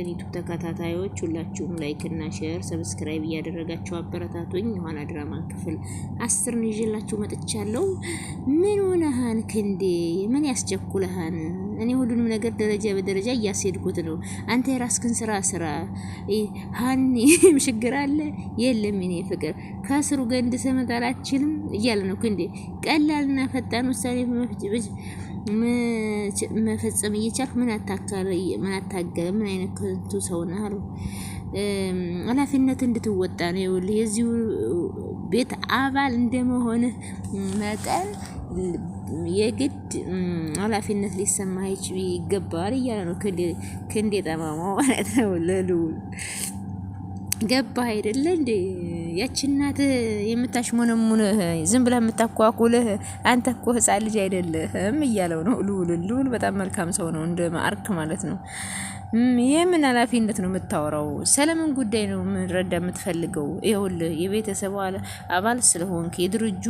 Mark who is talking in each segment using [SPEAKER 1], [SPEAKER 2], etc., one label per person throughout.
[SPEAKER 1] የእኔን ዩቱብ ተከታታዮች ሁላችሁም ላይክ እና ሼር ሰብስክራይብ እያደረጋችሁ አበረታቱኝ። የኋላ ድራማ ክፍል አስርን ይዤላችሁ መጥቻለሁ። ምን ሆነሃን ክንዴ? ምን ያስቸኩልሃን? እኔ ሁሉንም ነገር ደረጃ በደረጃ እያስሄድኩት ነው። አንተ የራስክን ስራ ስራ። ሀኒ ምሽግር አለ የለም እኔ ፍቅር ከስሩ ገንድ ሰመጣላችንም እያለ ነው እንዴ። ቀላልና ፈጣን ውሳኔ መፈጸም እየቻልክ ምን አታገለ? ምን አይነት ከንቱ ሰው ነህ አሉ። ኃላፊነት እንድትወጣ ነው ይኸውልህ፣ የዚሁ ቤት አባል እንደመሆንህ መጠን የግድ ኃላፊነት ሊሰማ ይገባል እያለ ነው። ክንድ የጠማማው ማለት ነው ለልዑል ገባ አይደለ እንዴ? ያቺ እናት የምታሽሞነሙንህ ዝም ብለህ የምታኳኩልህ አንተ እኮ ህፃን ልጅ አይደለህም እያለው ነው ልዑልን። ልዑል በጣም መልካም ሰው ነው እንደ ማዕርክ ማለት ነው። የምን ኃላፊነት ነው የምታወራው? ስለምን ጉዳይ ነው የምንረዳ የምትፈልገው? ይኸውልህ የቤተሰቡ አባል ስለሆንክ የድርጁ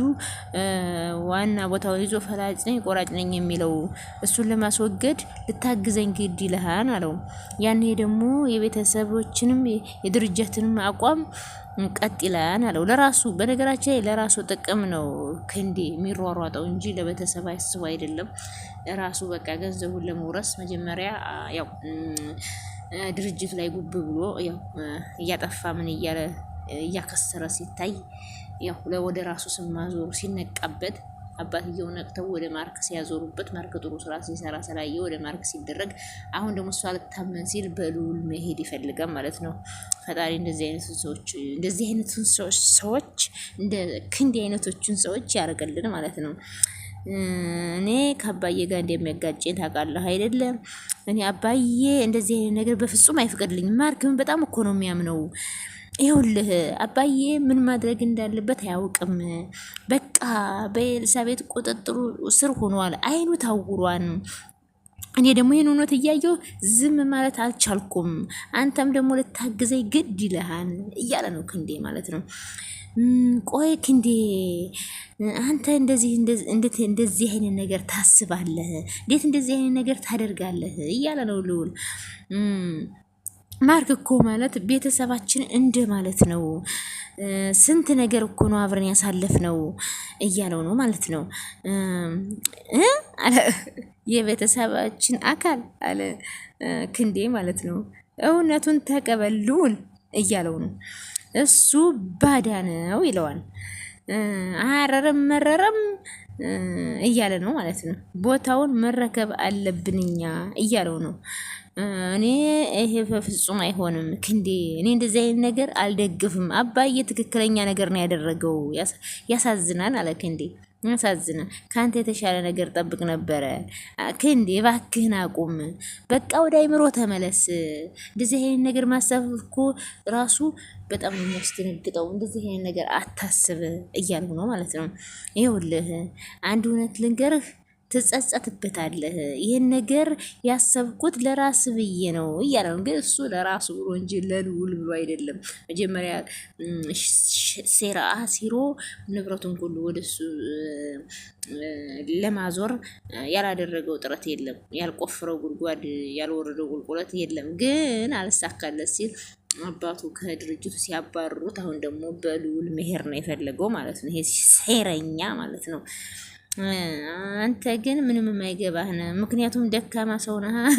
[SPEAKER 1] ዋና ቦታውን ይዞ ፈላጭ ነኝ ቆራጭ ነኝ የሚለው እሱን ለማስወገድ ልታግዘኝ ግድ ይልሃን አለው። ያኔ ደግሞ የቤተሰቦችንም የድርጅትንም አቋም ቀጥ ይላል አለው። ለራሱ በነገራችን ላይ ለራሱ ጥቅም ነው ክንዴ የሚሯሯጠው እንጂ ለቤተሰብ አስቡ አይደለም። ራሱ በቃ ገንዘቡን ለመውረስ መጀመሪያ ያው ድርጅት ላይ ጉብ ብሎ ያው እያጠፋ ምን እያለ እያከሰረ ሲታይ ያው ወደ ራሱ ስማዞሩ ሲነቃበት አባትየው ነቅተው ወደ ማርክ ሲያዞሩበት ማርክ ጥሩ ስራ ሲሰራ ስላየ ወደ ማርክ ሲደረግ፣ አሁን ደግሞ እሷ ልታመን ሲል በሉል መሄድ ይፈልጋል ማለት ነው። ፈጣሪ እንደዚህ አይነቱን ሰዎች እንደዚህ አይነቱን ሰዎች እንደ ክንድ አይነቶቹን ሰዎች ያደርገልን ማለት ነው። እኔ ከአባዬ ጋር እንደሚያጋጨኝ ታውቃለህ አይደለም? እኔ አባዬ እንደዚህ አይነት ነገር በፍጹም አይፈቅድልኝም። ማርክም በጣም እኮ ነው የሚያምነው ይኸውልህ አባዬ ምን ማድረግ እንዳለበት አያውቅም። በቃ በኤልሳቤት ቁጥጥሩ ስር ሆኗል። አይኑ ታውሯን። እኔ ደግሞ ይህን እውነት እያየሁ ዝም ማለት አልቻልኩም። አንተም ደግሞ ልታግዘኝ ግድ ይልሃል እያለ ነው ክንዴ ማለት ነው። ቆይ ክንዴ አንተ እንደዚህ እንደዚህ አይነት ነገር ታስባለህ? እንዴት እንደዚህ አይነት ነገር ታደርጋለህ? እያለ ነው ልውል ማርክ እኮ ማለት ቤተሰባችን እንደ ማለት ነው። ስንት ነገር እኮ ነው አብረን ያሳለፍ ነው እያለው ነው ማለት ነው። የቤተሰባችን አካል አለ ክንዴ ማለት ነው። እውነቱን ተቀበሉን እያለው ነው። እሱ ባዳ ነው ይለዋል። አረረም መረረም እያለ ነው ማለት ነው። ቦታውን መረከብ አለብንኛ እያለው ነው። እኔ ይሄ በፍጹም አይሆንም ክንዴ፣ እኔ እንደዚህ አይነት ነገር አልደግፍም። አባዬ ትክክለኛ ነገር ነው ያደረገው። ያሳዝናል አለ ክንዴ፣ ያሳዝናል። ከአንተ የተሻለ ነገር ጠብቅ ነበረ ክንዴ። እባክህን አቁም፣ በቃ ወደ አይምሮ ተመለስ። እንደዚህ አይነት ነገር ማሰብ እኮ ራሱ በጣም የሚያስደነግጠው። እንደዚህ አይነት ነገር አታስብ እያልሁ ነው ማለት ነው። ይኸውልህ አንድ እውነት ልንገርህ ትጸጸትበታለህ። ይህን ነገር ያሰብኩት ለራስ ብዬ ነው እያለ ነው። ግን እሱ ለራሱ ብሎ እንጂ ለልውል ብሎ አይደለም። መጀመሪያ ሴራ አሲሮ ንብረቱን ሁሉ ወደሱ ለማዞር ያላደረገው ጥረት የለም። ያልቆፍረው ጉድጓድ ያልወረደው ቁልቁለት የለም። ግን አልሳካለት ሲል አባቱ ከድርጅቱ ሲያባርሩት፣ አሁን ደግሞ በልውል መሄድ ነው የፈለገው ማለት ነው። ይሄ ሴረኛ ማለት ነው። አንተ ግን ምንም የማይገባህ ነው። ምክንያቱም ደካማ ሰው ነህ።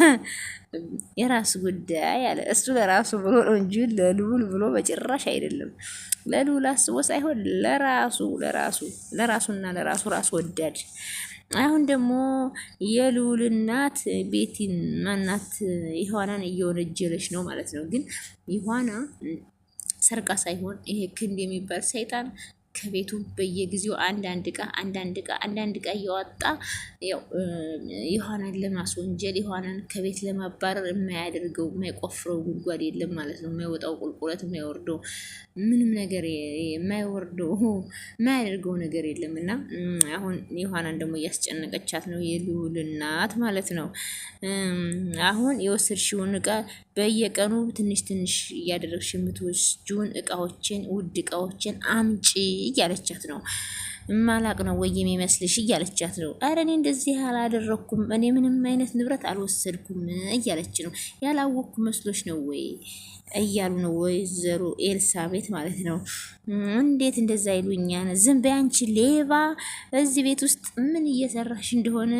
[SPEAKER 1] የራስ ጉዳይ አለ እሱ ለራሱ ብሎ ነው እንጂ ለልዑል ብሎ በጭራሽ አይደለም። ለልዑል አስቦ ሳይሆን ለራሱ ለራሱ ለራሱና ለራሱ ራስ ወዳድ። አሁን ደግሞ የልዑል እናት ቤቲን ማናት ይኋናን እየወነጀለች ነው ማለት ነው። ግን ይኋና ሰርቃ ሳይሆን ይሄ ክንድ የሚባል ሰይጣን ከቤቱ በየጊዜው አንዳንድ ዕቃ አንዳንድ ዕቃ አንዳንድ ዕቃ እያወጣ ያው ዮሐናን ለማስወንጀል ዮሐናን ከቤት ለማባረር የማያደርገው የማይቆፍረው ጉድጓድ የለም ማለት ነው። የማይወጣው ቁልቁለት የማይወርደው ምንም ነገር የማይወርደው የማያደርገው ነገር የለም እና አሁን ዮሐናን ደግሞ እያስጨነቀቻት ነው የልዑል እናት ማለት ነው። አሁን የወሰድሽውን ዕቃ በየቀኑ ትንሽ ትንሽ እያደረግሽ የምትወስጂውን እቃዎችን ውድ እቃዎችን አምጪ እያለቻት ነው። ማላቅ ነው ወይ የሚመስልሽ እያለቻት ነው። አረ እኔ እንደዚህ አላደረግኩም፣ እኔ ምንም አይነት ንብረት አልወሰድኩም እያለች ነው። ያላወቅኩ መስሎች ነው ወይ እያሉ ነው ወይዘሮ ኤልሳቤት ማለት ነው። እንዴት እንደዛ ይሉኛል? ዝም በያንቺ ሌባ፣ በዚህ ቤት ውስጥ ምን እየሰራሽ እንደሆነ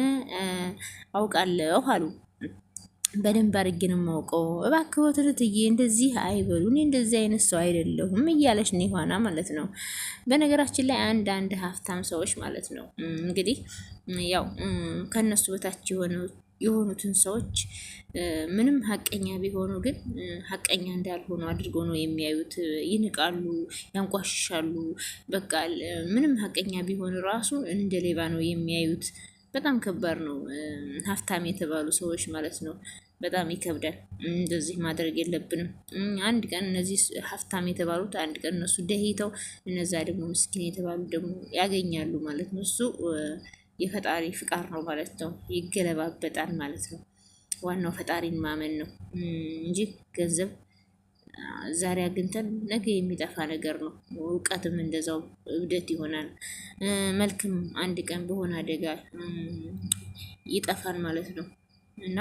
[SPEAKER 1] አውቃለሁ አሉ። በደንብ አድርጌ ነው የማውቀው። እባክህ ወትርትዬ እንደዚህ አይበሉ፣ እኔ እንደዚህ አይነት ሰው አይደለሁም እያለች ነው የሆና ማለት ነው። በነገራችን ላይ አንድ አንድ ሀብታም ሰዎች ማለት ነው እንግዲህ ያው ከእነሱ በታች የሆኑትን ሰዎች ምንም ሀቀኛ ቢሆኑ ግን ሀቀኛ እንዳልሆኑ አድርጎ ነው የሚያዩት። ይንቃሉ፣ ያንቋሽሻሉ። በቃ ምንም ሀቀኛ ቢሆኑ ራሱ እንደ ሌባ ነው የሚያዩት። በጣም ከባድ ነው ሀብታም የተባሉ ሰዎች ማለት ነው። በጣም ይከብዳል። እንደዚህ ማድረግ የለብንም። አንድ ቀን እነዚህ ሀብታም የተባሉት አንድ ቀን እነሱ ደሄተው እነዛ ደግሞ ምስኪን የተባሉ ደግሞ ያገኛሉ ማለት ነው። እሱ የፈጣሪ ፍቃድ ነው ማለት ነው። ይገለባበጣል ማለት ነው። ዋናው ፈጣሪን ማመን ነው እንጂ ገንዘብ ዛሬ አግኝተን ነገ የሚጠፋ ነገር ነው። እውቀትም እንደዛው እብደት ይሆናል። መልክም አንድ ቀን በሆነ አደጋ ይጠፋል ማለት ነው። እና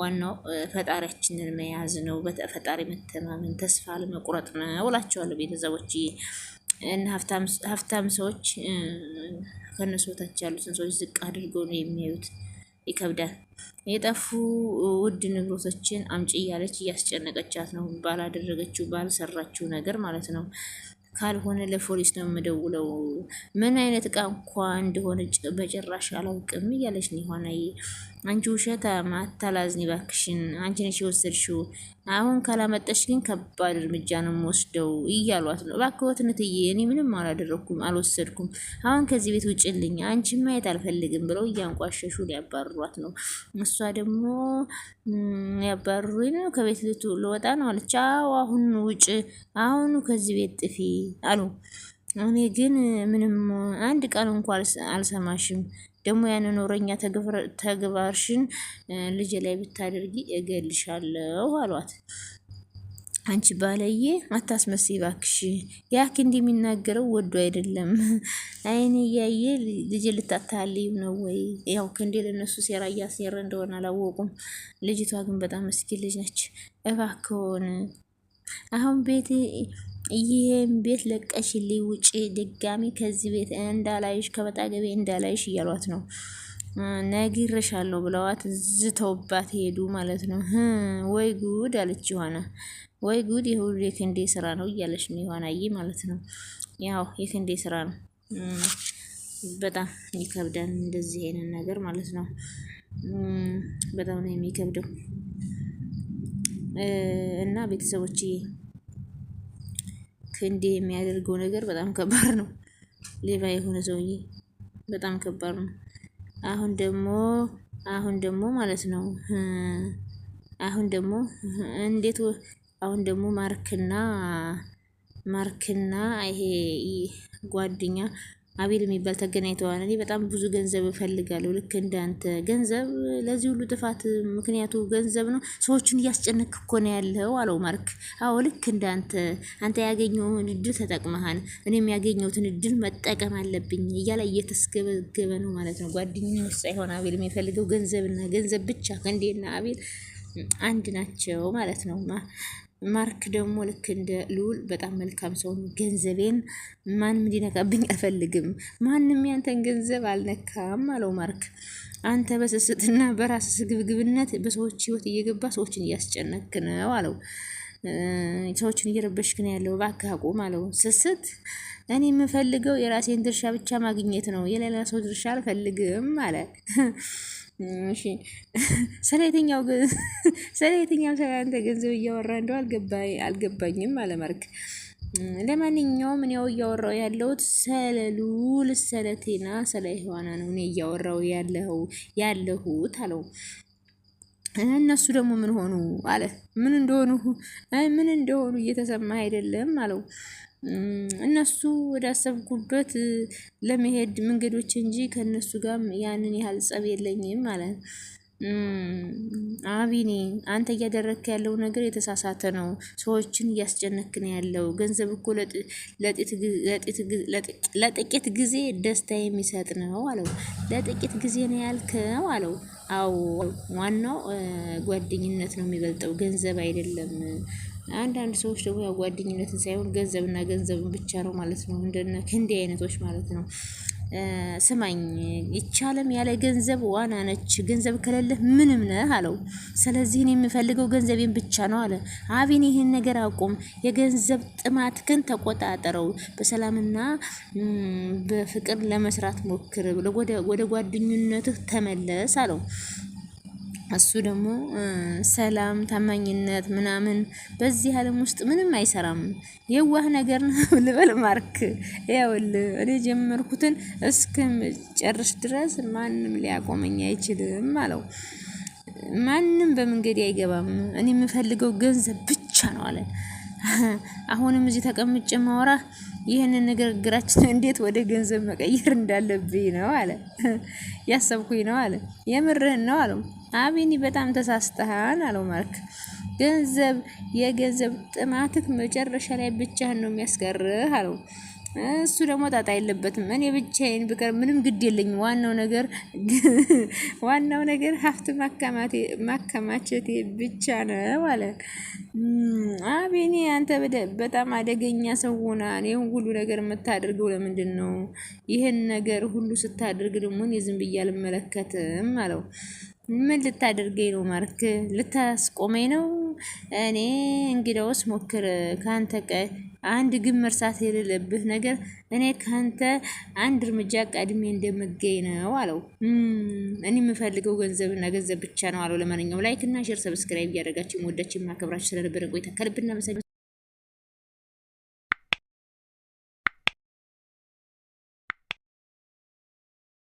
[SPEAKER 1] ዋናው ፈጣሪያችንን መያዝ ነው። በፈጣሪ መተማመን፣ ተስፋ ለመቁረጥ ነው እላቸዋለሁ ቤተሰቦች እና ሀብታም ሰዎች ከነሱ በታች ያሉትን ሰዎች ዝቅ አድርገው ነው የሚያዩት። ይከብዳል። የጠፉ ውድ ንብረቶችን አምጪ እያለች እያስጨነቀቻት ነው። ባላደረገችው ባልሰራችው ነገር ማለት ነው። ካልሆነ ለፖሊስ ነው የምደውለው። ምን አይነት እቃ እንኳ እንደሆነ በጭራሽ አላውቅም እያለች ነው የሆነ አንቺ ውሸታም አታላዝኝ ባክሽን፣ አንቺ ነሽ የወሰድሽው። አሁን ካላመጣሽ ግን ከባድ እርምጃ ነው የምወስደው እያሏት ነው። እባክዎት እንትዬ፣ እኔ ምንም አላደረግኩም አልወሰድኩም። አሁን ከዚህ ቤት ውጭልኝ፣ አንቺ ማየት አልፈልግም ብለው እያንቋሸሹ ሊያባርሯት ነው። እሷ ደግሞ ያባርሩኝ ነው ከቤት ልወጣ ነው አለች። አዎ አሁን ውጭ፣ አሁኑ ከዚህ ቤት ጥፊ አሉ። እኔ ግን ምንም አንድ ቃል እንኳ አልሰማሽም። ደግሞ ያን ኖረኛ ተግባርሽን ልጅ ላይ ብታደርጊ እገልሻለሁ አሏት። አንቺ ባለዬ አታስመስይ እባክሽ። ያክ እንዲህ የሚናገረው ወዶ አይደለም። አይኔ እያየ ልጅ ልታታልይ ነው ወይ? ያው ክንዴ ለነሱ ሴራ እያሴረ እንደሆነ አላወቁም። ልጅቷ ግን በጣም ምስኪን ልጅ ነች። እባክሆን አሁን ቤት ይህም ቤት ለቀሽልኝ ውጪ፣ ድጋሚ ከዚህ ቤት እንዳላይሽ፣ ከመጣ ገቤ እንዳላይሽ እያሏት ነው። ነግሬሻለሁ ብለዋት ዝተውባት ሄዱ ማለት ነው። ወይ ጉድ አለች ዮሐና። ወይ ጉድ የሁሉ የክንዴ ስራ ነው እያለች ነው ዮሐናዬ ማለት ነው። ያው የክንዴ ስራ ነው። በጣም ይከብዳል እንደዚህ አይነት ነገር ማለት ነው። በጣም ነው የሚከብደው እና ቤተሰቦች ክንዴ የሚያደርገው ነገር በጣም ከባድ ነው። ሌባ የሆነ ሰውዬ በጣም ከባድ ነው። አሁን ደግሞ አሁን ደግሞ ማለት ነው አሁን ደግሞ እንዴት አሁን ደግሞ ማርክና ማርክና ይሄ ጓደኛ አቤል የሚባል ተገናኝተዋል። እኔ በጣም ብዙ ገንዘብ እፈልጋለሁ፣ ልክ እንዳንተ ገንዘብ ለዚህ ሁሉ ጥፋት ምክንያቱ ገንዘብ ነው። ሰዎችን እያስጨነክ እኮ ነው ያለው አለው ማርክ። አዎ ልክ እንዳንተ አንተ ያገኘውን እድል ተጠቅመሃል፣ እኔም ያገኘውትን እድል መጠቀም አለብኝ እያለ እየተስገበገበ ነው ማለት ነው። ጓደኛ ጓደኝነት ሳይሆን አቤል የሚፈልገው ገንዘብና ገንዘብ ብቻ። ከእንዴና አቤል አንድ ናቸው ማለት ነው። ማርክ ደግሞ ልክ እንደ ልውል በጣም መልካም ሰው ገንዘቤን ማንም እንዲነካብኝ አልፈልግም፣ ማንም ያንተን ገንዘብ አልነካም አለው ማርክ። አንተ በስስትና በራስ ስግብግብነት በሰዎች ህይወት እየገባ ሰዎችን እያስጨነክ ነው አለው። ሰዎችን እየረበሽክ ነው ያለው፣ እባክህ አቁም አለው። ስስት እኔ የምፈልገው የራሴን ድርሻ ብቻ ማግኘት ነው፣ የሌላ ሰው ድርሻ አልፈልግም አለ። እሺ ስለ የትኛው ስለ የትኛው ስለ አንተ ገንዘብ እያወራ እንደው አልገባኝ አልገባኝም አለመርክ ለማንኛውም እኔው እያወራው ያለሁት ስለ ልዑል ስለ ቴና ስለ ሔዋና ነው እኔ እያወራው ያለው ያለሁት አለው። እነሱ ደግሞ ምን ሆኑ አለ። ምን እንደሆኑ ምን እንደሆኑ እየተሰማ አይደለም አለው። እነሱ ወዳሰብኩበት ለመሄድ መንገዶች እንጂ ከእነሱ ጋር ያንን ያህል ጸብ የለኝም ማለት ነው። አቢኔ አንተ እያደረግክ ያለው ነገር የተሳሳተ ነው። ሰዎችን እያስጨነክ ያለው። ገንዘብ እኮ ለጥቂት ጊዜ ደስታ የሚሰጥ ነው አለው። ለጥቂት ጊዜ ነው ያልከው አለው። አዎ ዋናው ጓደኝነት ነው የሚበልጠው ገንዘብ አይደለም። አንዳንድ ሰዎች ደግሞ ያው ጓደኝነትን ሳይሆን ገንዘብና ገንዘብን ብቻ ነው ማለት ነው። እንደነ ክንዴ አይነቶች ማለት ነው። ስማኝ ይቻለም ያለ ገንዘብ ዋና ነች፣ ገንዘብ ከሌለህ ምንም ነህ አለው። ስለዚህ እኔ የምፈልገው ገንዘቤን ብቻ ነው አለ። አቢን ይህን ነገር አቁም፣ የገንዘብ ግን ተቆጣጠረው፣ በሰላምና በፍቅር ለመስራት ሞክር፣ ወደ ጓደኝነትህ ተመለስ አለው። እሱ ደግሞ ሰላም፣ ታማኝነት ምናምን በዚህ ዓለም ውስጥ ምንም አይሰራም። የዋህ ነገር ነው ልበል። ማርክ ያውል እኔ ጀመርኩትን እስከምጨርስ ድረስ ማንም ሊያቆመኝ አይችልም አለው። ማንም በመንገድ አይገባም። እኔ የምፈልገው ገንዘብ ብቻ ነው አለ። አሁንም እዚህ ተቀምጬ ማውራ ይህንን ንግግራችን እንዴት ወደ ገንዘብ መቀየር እንዳለብኝ ነው አለ። ያሰብኩኝ ነው አለ። የምርህን ነው አለው። አቢኒ በጣም ተሳስተሃን አለው ማርክ። ገንዘብ የገንዘብ ጥማትህ መጨረሻ ላይ ብቻህን ነው የሚያስቀርህ አለው። እሱ ደግሞ ጣጣ የለበትም። እኔ ብቻዬን ብቀር ምንም ግድ የለኝም። ዋናው ነገር ዋናው ነገር ሀብት ማከማቸቴ ብቻ ነው አለ። አቤኔ አንተ በጣም አደገኛ ሰው ሆና ይህን ሁሉ ነገር የምታደርገው ለምንድን ነው? ይህን ነገር ሁሉ ስታደርግ ደግሞ እኔ ዝም ብዬ አልመለከትም አለው። ምን ልታደርገኝ ነው ማርክ? ልታስቆመኝ ነው? እኔ እንግዳውስ ሞክር ከአንተ አንድ ግን መርሳት የሌለብህ ነገር እኔ ከአንተ አንድ እርምጃ ቀድሜ እንደምገኝ ነው አለው። እኔ የምፈልገው ገንዘብና ገንዘብ ብቻ ነው አለው። ለማንኛውም ላይክ እና ሼር፣ ሰብስክራይብ እያደረጋችሁ መወዳችሁ የማከብራችሁ ስለነበረ ቆይታ ከልብ እናመሰግናለን።